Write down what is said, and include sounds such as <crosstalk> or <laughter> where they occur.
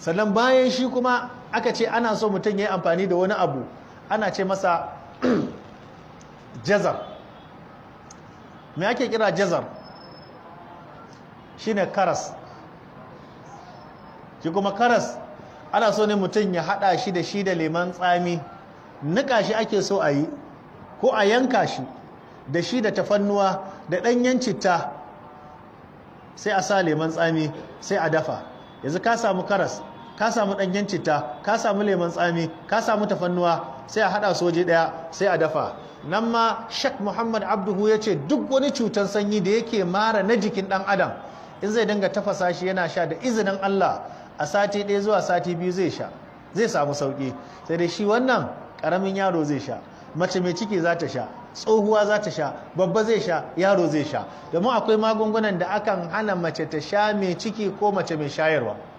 sannan bayan shi kuma aka ce ana so mutum ya yi amfani da wani abu ana ce masa <clears throat> jazar me ake kira jazar shine karas shi kuma karas ana so ne mutum ya hada shi da shi da leman tsami nika shi ake so a yi ko a yanka shi da shi da tafannuwa da ɗanyen citta sai a sa leman tsami sai a dafa yanzu ka samu karas ka samu ɗanyen citta ka samu lemon tsami ka samu tafannuwa sai a haɗa soje ɗaya sai a dafa nan ma shek muhammad abduhu ya ce duk wani cutar sanyi da yake mara na jikin ɗan adam in zai danga tafasa shi yana sha da izinin allah a sati ɗaya zuwa sati biyu zai sha zai samu sauƙi sai da shi wannan karamin yaro zai sha mace mai ciki za ta sha tsohuwa za ta sha babba zai sha yaro zai sha domin akwai magungunan da akan hana mace ta sha mai ciki ko mace mai shayarwa